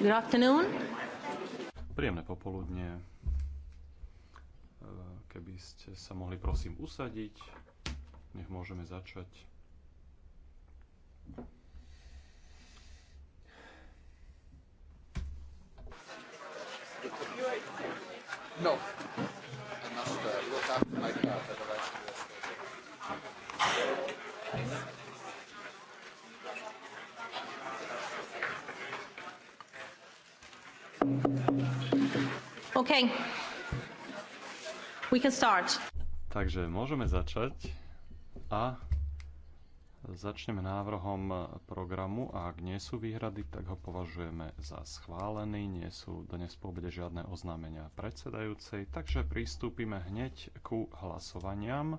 Good afternoon. Príjemné popoludne. Keby ste sa mohli prosím usadiť, nech môžeme začať. No. Okay. We can start. Takže môžeme začať a začneme návrhom programu a ak nie sú výhrady, tak ho považujeme za schválený. Nie sú dnes po obede žiadne oznámenia predsedajúcej, takže pristúpime hneď ku hlasovaniam.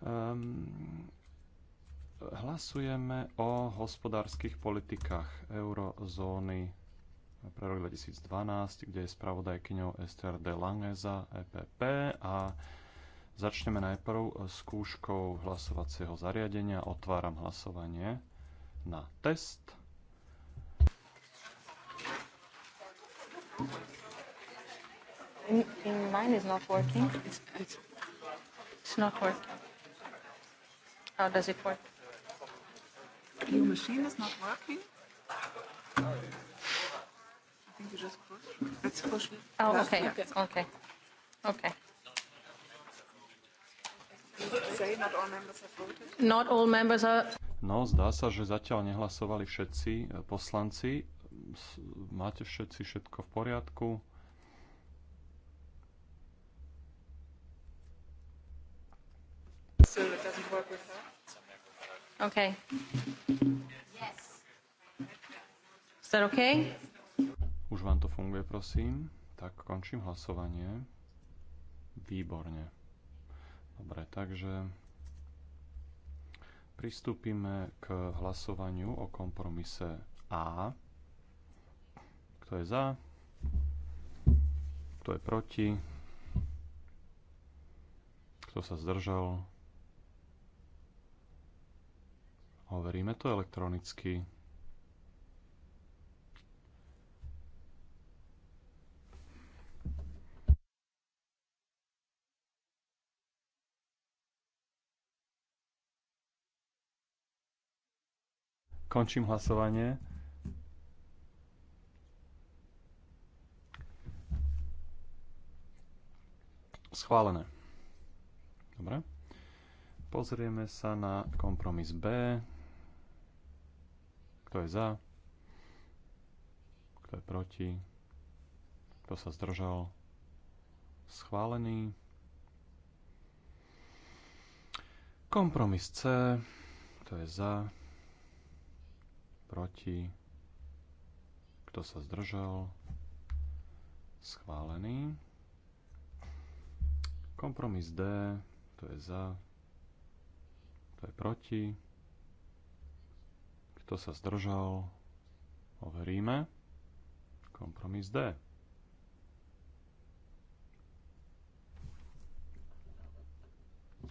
Um, hlasujeme o hospodárskych politikách eurozóny pre rok 2012, kde je spravodajkyňou Esther de Lange za EPP a začneme najprv s kúškou hlasovacieho zariadenia. Otváram hlasovanie na test. mine is not working. It's, it's, it's not working. How does it work? Your machine is not working? think you just push. Let's push. Oh, yeah. okay. Okay. Okay. okay. Not all members are... No, zdá sa, že zatiaľ nehlasovali všetci eh, poslanci. Máte všetci všetko v poriadku? Okay. Yes. Is that okay? Už vám to funguje, prosím. Tak končím hlasovanie. Výborne. Dobre, takže pristúpime k hlasovaniu o kompromise A. Kto je za? Kto je proti? Kto sa zdržal? Overíme to elektronicky. Končím hlasovanie. Schválené. Dobre. Pozrieme sa na kompromis B. Kto je za? Kto je proti? Kto sa zdržal? Schválený. Kompromis C. Kto je za? proti, kto sa zdržal, schválený. Kompromis D, to je za, to je proti, kto sa zdržal, overíme. Kompromis D.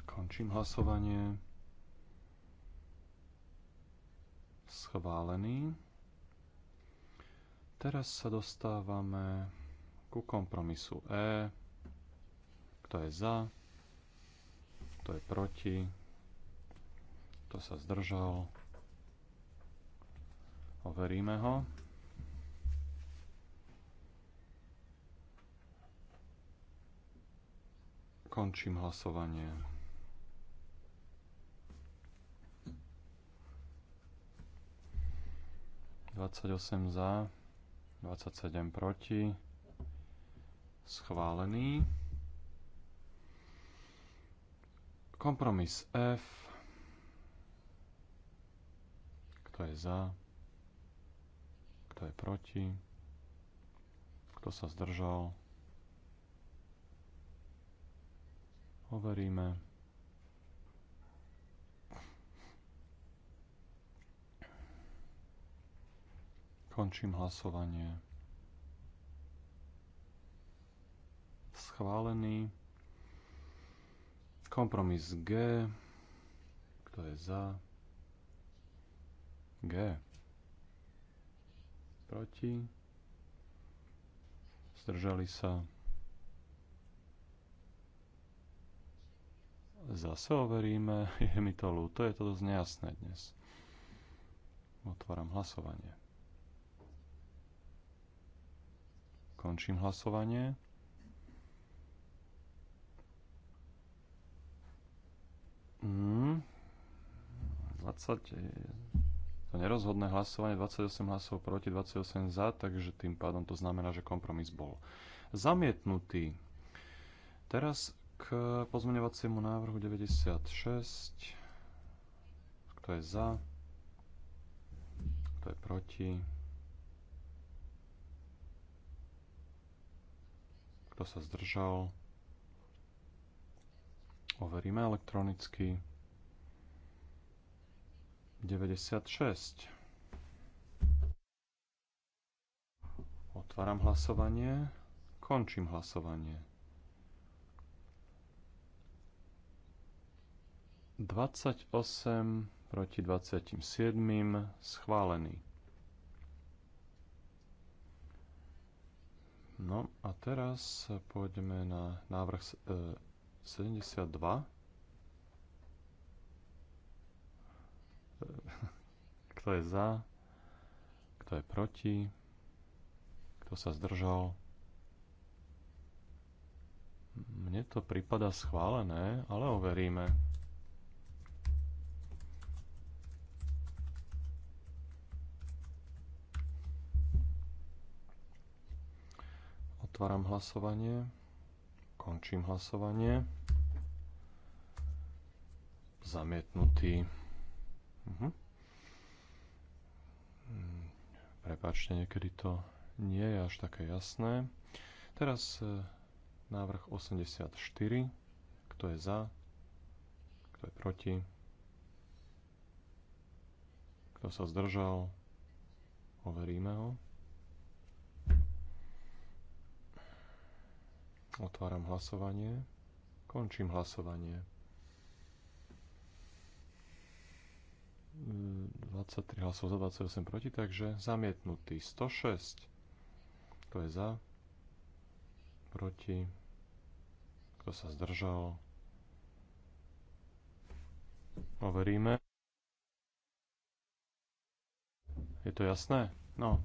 Končím hlasovanie. schválený. Teraz sa dostávame ku kompromisu E. Kto je za? Kto je proti? Kto sa zdržal? Overíme ho. Končím hlasovanie. 28 za, 27 proti. Schválený. Kompromis F. Kto je za? Kto je proti? Kto sa zdržal? Overíme. Končím hlasovanie. Schválený. Kompromis G. Kto je za? G. Proti. Zdržali sa. Zase overíme. Je mi to ľúto, je to dosť nejasné dnes. Otváram hlasovanie. Končím hlasovanie. Mm. 20, to nerozhodné hlasovanie, 28 hlasov proti, 28 za, takže tým pádom to znamená, že kompromis bol zamietnutý. Teraz k pozmeňovaciemu návrhu 96. Kto je za? Kto je proti? Kto sa zdržal? Overíme elektronicky. 96. Otváram hlasovanie. Končím hlasovanie. 28 proti 27. Schválený. No a teraz pôjdeme na návrh 72. E, e, kto je za? Kto je proti? Kto sa zdržal? Mne to prípada schválené, ale overíme. Otváram hlasovanie. Končím hlasovanie. Zamietnutý. Uh-huh. Prepačte, niekedy to nie je až také jasné. Teraz e, návrh 84. Kto je za? Kto je proti? Kto sa zdržal? Overíme ho. Otváram hlasovanie. Končím hlasovanie. 23 hlasov za 28 proti, takže zamietnutý 106. Kto je za? Proti? Kto sa zdržal? Overíme. Je to jasné? No,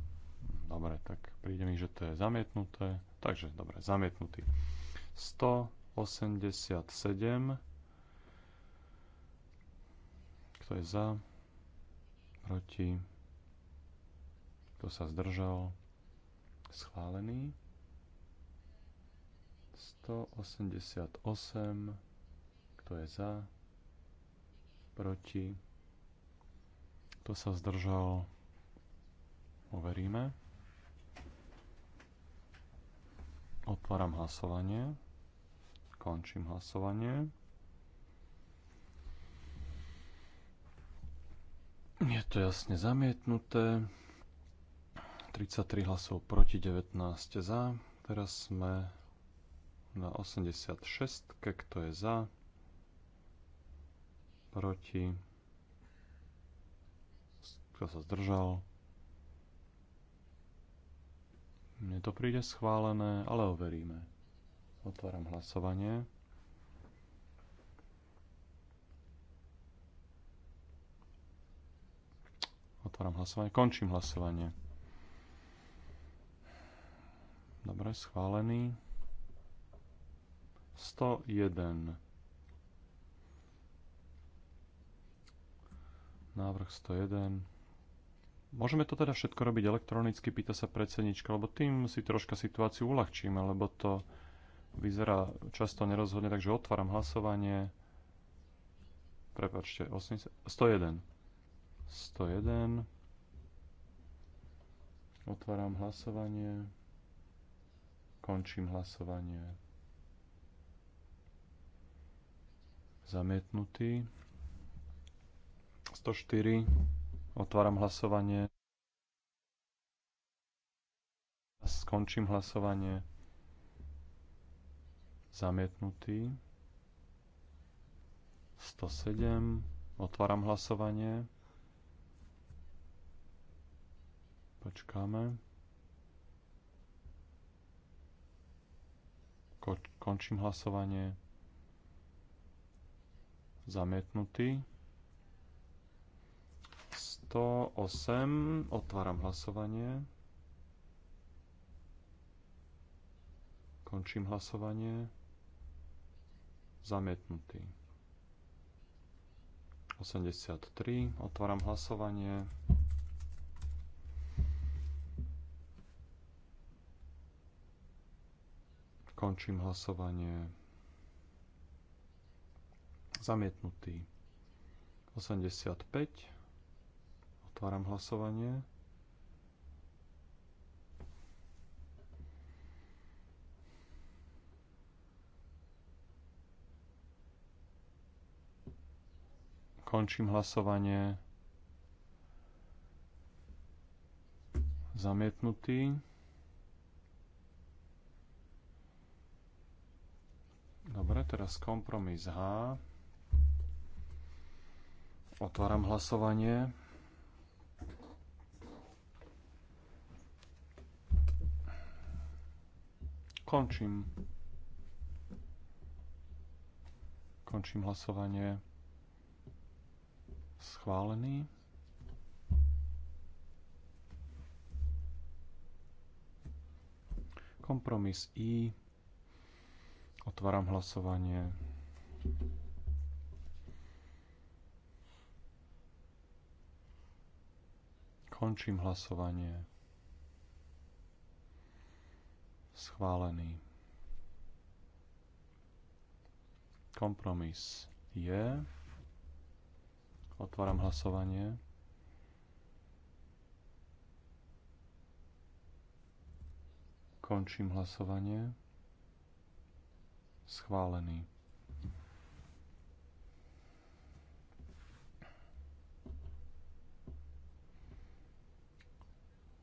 dobre, tak príde mi, že to je zamietnuté. Takže, dobre, zamietnutý. 187. Kto je za? Proti? Kto sa zdržal? Schválený. 188. Kto je za? Proti? Kto sa zdržal? Overíme. Otváram hlasovanie. Končím hlasovanie. Je to jasne zamietnuté. 33 hlasov proti, 19 za. Teraz sme na 86, kto je za, proti, kto sa zdržal. Mne to príde schválené, ale overíme. Otváram hlasovanie. Otváram hlasovanie. Končím hlasovanie. Dobre, schválený. 101. Návrh 101. Môžeme to teda všetko robiť elektronicky, pýta sa predsednička, lebo tým si troška situáciu uľahčíme, lebo to vyzerá často nerozhodne, takže otváram hlasovanie. Prepačte, 80, 101. 101. Otváram hlasovanie. Končím hlasovanie. Zamietnutý. 104. Otváram hlasovanie. Skončím hlasovanie. Zamietnutý. 107. Otváram hlasovanie. Počkáme. Ko- končím hlasovanie. Zamietnutý. 108. Otváram hlasovanie. Končím hlasovanie. Zamietnutý. 83. Otváram hlasovanie. Končím hlasovanie. Zamietnutý. 85. Otváram hlasovanie. Končím hlasovanie. Zamietnutý. Dobre, teraz kompromis H. Otváram hlasovanie. Končím. Končím hlasovanie. Schválený. Kompromis I. Otváram hlasovanie. Končím hlasovanie. schválený. Kompromis je. Otváram hlasovanie. Končím hlasovanie. Schválený.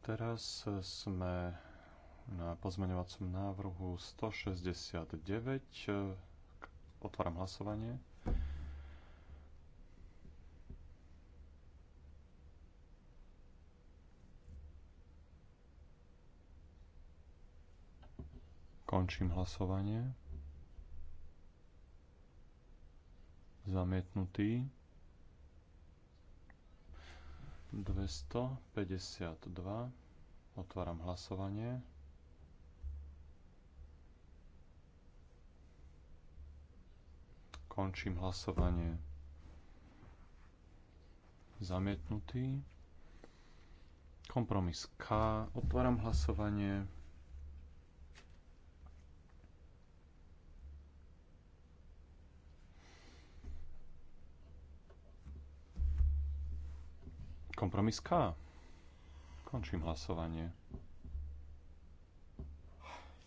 Teraz sme na pozmeňovacom návrhu 169. E, otváram hlasovanie. Končím hlasovanie. Zamietnutý. 252. Otváram hlasovanie. Končím hlasovanie. Zamietnutý. Kompromis K. Otváram hlasovanie. Kompromis K. Končím hlasovanie.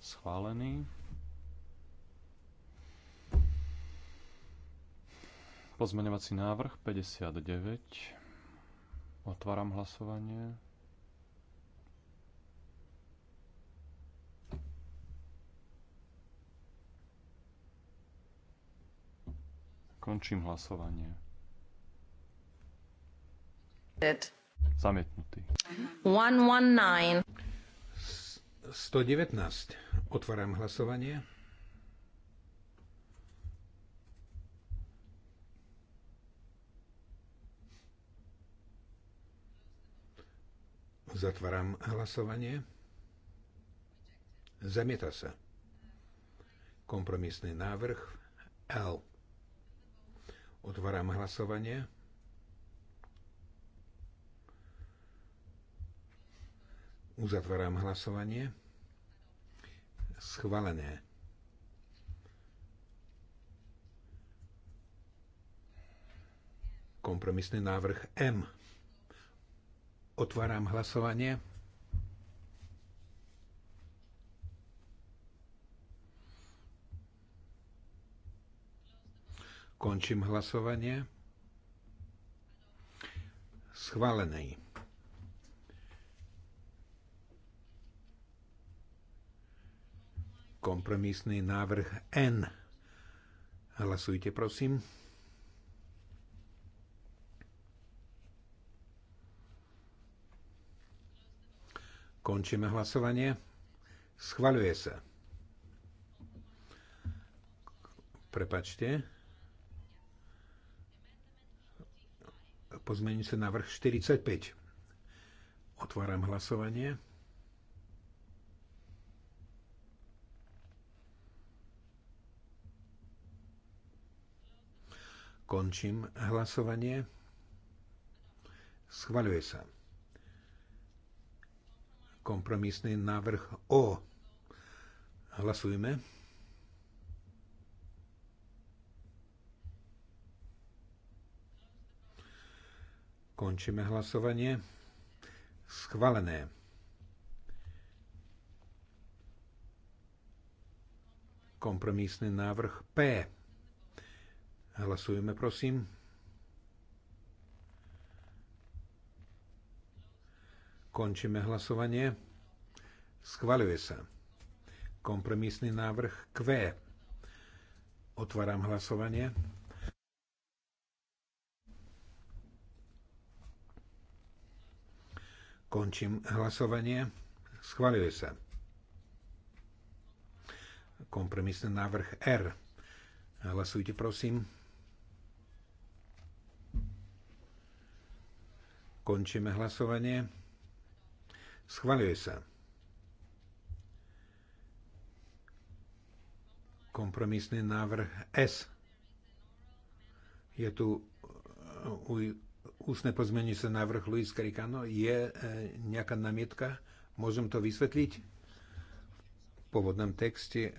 Schválený. Pozmeňovací návrh 59. Otváram hlasovanie. Končím hlasovanie. Dead. Zamietnutý. 119. 119. Otváram hlasovanie. Zatváram hlasovanie. Zamieta sa. Kompromisný návrh L. Otváram hlasovanie. Uzatváram hlasovanie. Schválené. Kompromisný návrh M. Otváram hlasovanie. Končím hlasovanie. Schválený. Kompromisný návrh N. Hlasujte, prosím. Končíme hlasovanie. Schvaľuje sa. Prepačte. Pozmením sa vrch 45. Otváram hlasovanie. Končím hlasovanie. Schvaľuje sa. Kompromisný návrh O. Hlasujme. Končíme hlasovanie. Schválené. Kompromisný návrh P. Hlasujeme, prosím. Končíme hlasovanie. Schvaľuje sa. Kompromisný návrh Q. Otváram hlasovanie. Končím hlasovanie. Schvaľuje sa. Kompromisný návrh R. Hlasujte, prosím. Končíme hlasovanie. Schvaľuje sa. Kompromisný návrh S. Je tu uh, ústne sa návrh Luis Caricano. Je uh, nejaká namietka? Môžem to vysvetliť? v pôvodnom texte uh,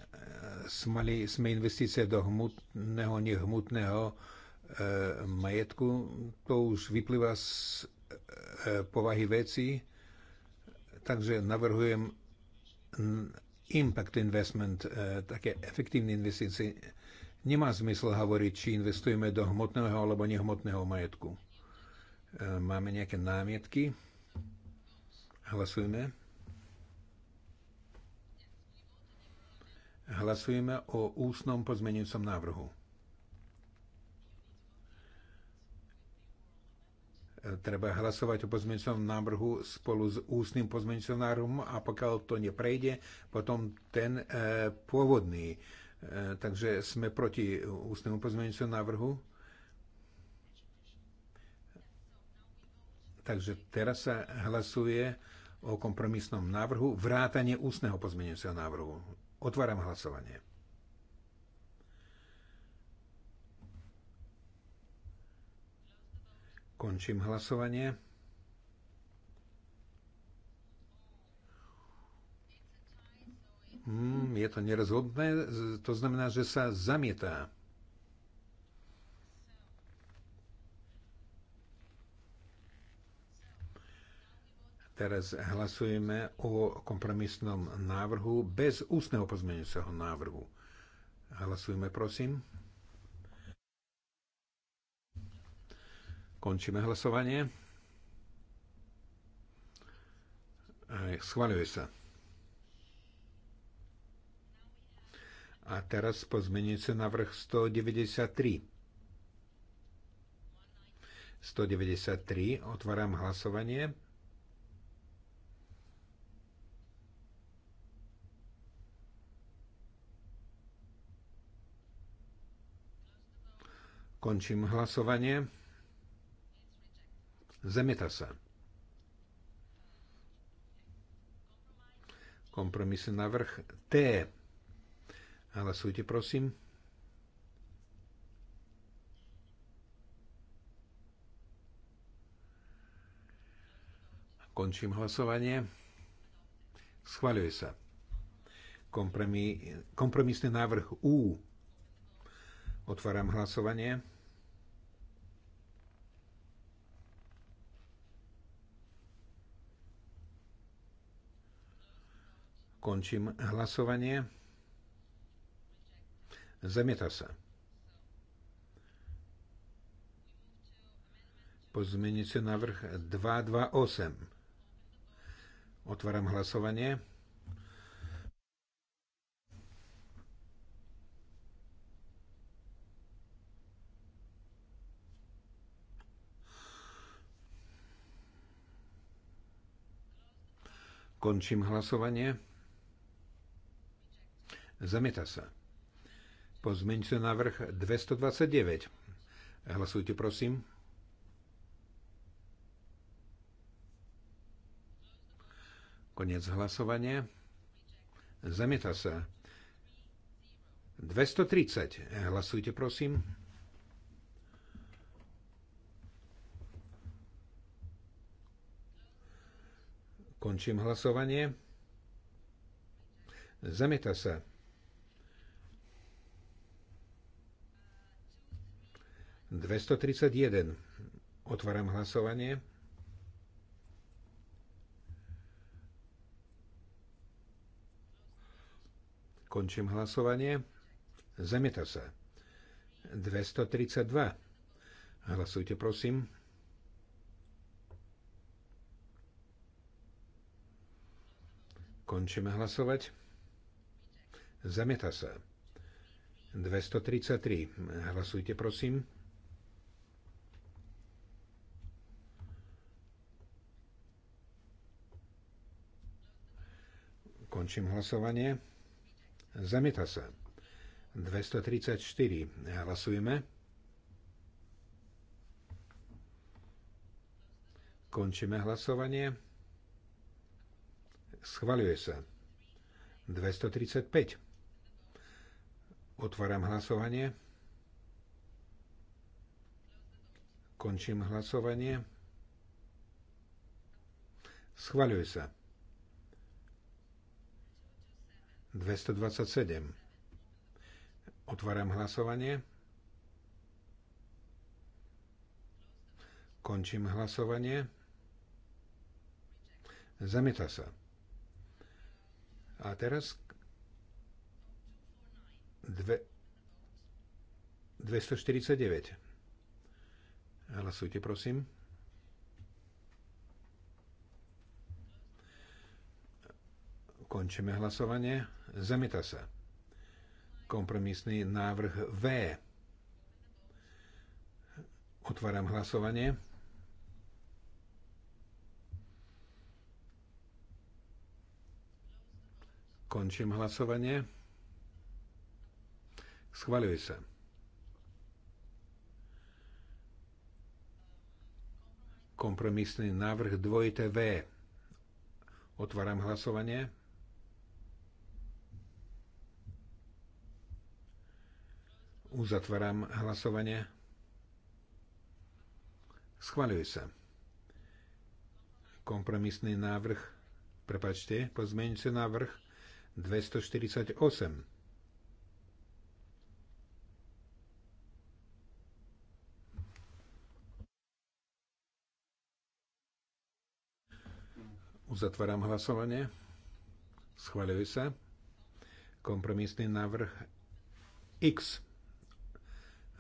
smali, sme investície do hmotného, nehmutného e, majetku. To už vyplýva z e, povahy veci. Takže navrhujem impact investment, e, také efektívne investície. Nemá zmysel hovoriť, či investujeme do hmotného alebo nehmotného majetku. E, máme nejaké námietky? Hlasujeme. Hlasujeme o ústnom pozmeňujúcom návrhu. treba hlasovať o pozmeňovacom návrhu spolu s ústnym pozmeňujúcim návrhom a pokiaľ to neprejde, potom ten e, pôvodný. E, takže sme proti ústnemu pozmeňujúcemu návrhu. Takže teraz sa hlasuje o kompromisnom návrhu vrátanie ústneho pozmeňovacieho návrhu. Otváram hlasovanie. Končím hlasovanie. Mm, je to nerozhodné, to znamená, že sa zamietá. Teraz hlasujeme o kompromisnom návrhu bez ústneho pozmeňujúceho návrhu. Hlasujeme, prosím. Končíme hlasovanie. Schváľuje sa. A teraz pozmenujúce návrh 193. 193. Otváram hlasovanie. Končím hlasovanie. Zamieta sa. Kompromisný návrh T. Hlasujte, prosím. Končím hlasovanie. Schvaľuje sa. Kompromisný návrh U. Otváram hlasovanie. Končím hlasovanie. Zamieta sa. Pozmenici návrh 228. Otváram hlasovanie. Končím hlasovanie. Zamieta sa. Pozmeňte návrh 229. Hlasujte, prosím. Konec hlasovania. Zamieta sa. 230. Hlasujte, prosím. Končím hlasovanie. Zamieta sa. 231. Otváram hlasovanie. Končím hlasovanie. Zamieta sa. 232. Hlasujte, prosím. Končíme hlasovať. Zamieta sa. 233. Hlasujte, prosím. Končím hlasovanie. Zamieta sa. 234. Hlasujeme. Končíme hlasovanie. Schvaľuje sa. 235. Otváram hlasovanie. Končím hlasovanie. Schvaľuje sa. 227. Otváram hlasovanie. Končím hlasovanie. Zamieta sa. A teraz 249. Hlasujte, prosím. Končíme hlasovanie. Zamieta sa. Kompromisný návrh V. Otváram hlasovanie. Končím hlasovanie. Schváľuje sa. Kompromisný návrh dvojité V. Otváram hlasovanie. Uzatváram hlasovanie. Schváľuje sa. Kompromisný návrh, prepačte, pozmeňujúci návrh 248. Uzatváram hlasovanie. Schváľuje sa. Kompromisný návrh X.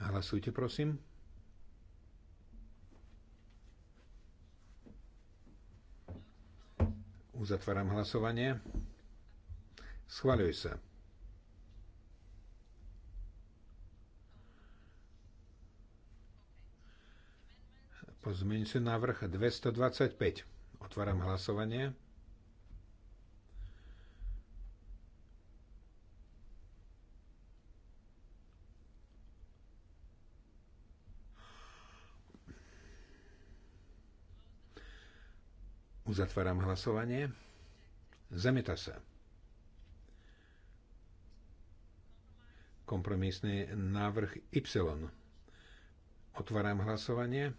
Hlasujte, prosím. Uzatváram hlasovanie. Schváľuj sa. Pozmeň si návrh 225. Otváram hlasovanie. Uzatváram hlasovanie. Zamieta sa. Kompromisný návrh Y. Otváram hlasovanie.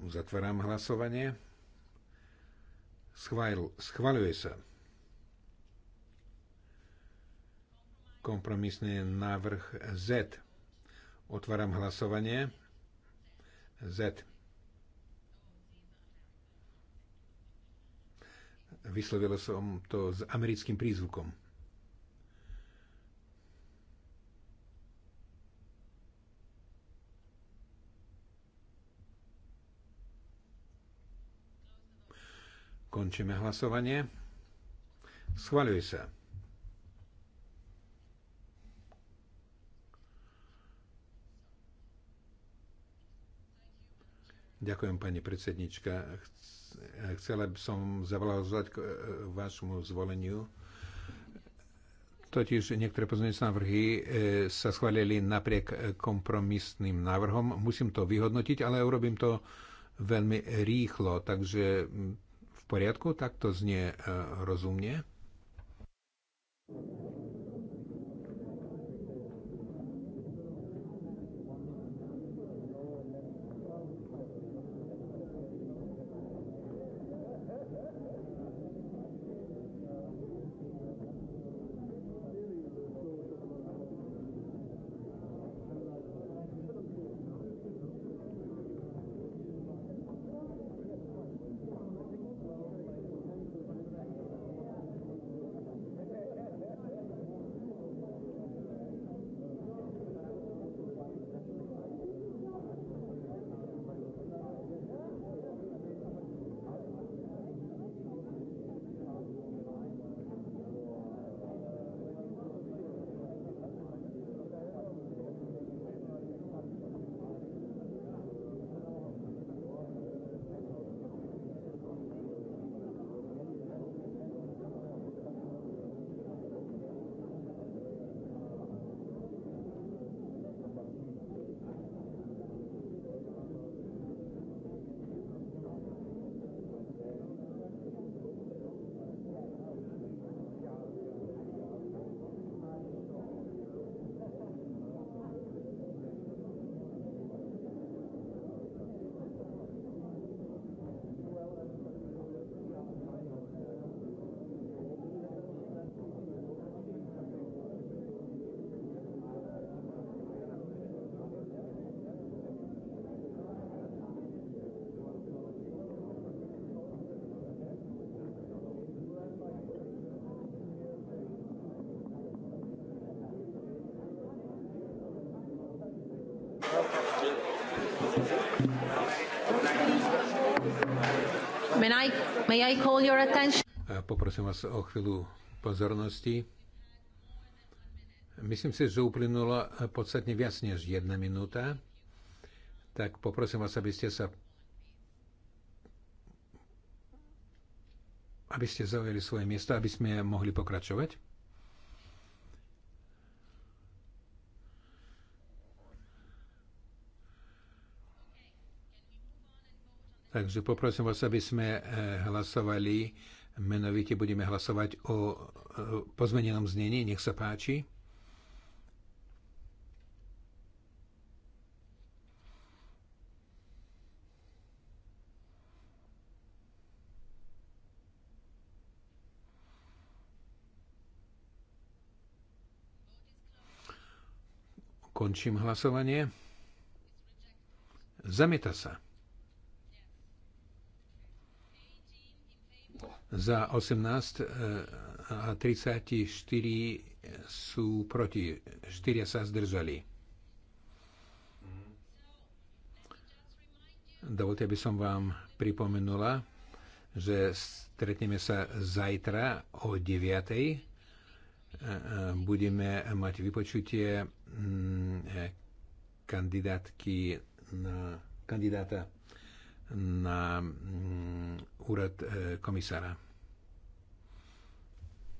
Uzatváram hlasovanie. Schvál, schváľuje sa. Kompromisný návrh Z. Otváram hlasovanie. Z. Vyslovil som to s americkým prízvukom. Končíme hlasovanie. Schvaľuje sa. Ďakujem, pani predsednička. Chcela by som zavolať k e, vašemu zvoleniu. Totiž niektoré pozmeňujúce návrhy e, sa schválili napriek kompromisným návrhom. Musím to vyhodnotiť, ale urobím to veľmi rýchlo. Takže v poriadku, tak to znie e, rozumne. May I call your attention? Poprosím vás o chvíľu pozornosti. Myslím si, že uplynulo podstatne viac než jedna minúta. Tak poprosím vás, aby ste sa aby ste zaujali svoje miesto, aby sme mohli pokračovať. Takže poprosím vás, aby sme eh, hlasovali. Menovite budeme hlasovať o eh, pozmenenom znení. Nech sa páči. Končím hlasovanie. Zamieta sa. za 18 e, a 34 sú proti, 4 sa zdržali. Dovolte, aby som vám pripomenula, že stretneme sa zajtra o 9. E, e, budeme mať vypočutie mm, kandidátky na kandidáta na mm, úrad e, komisára.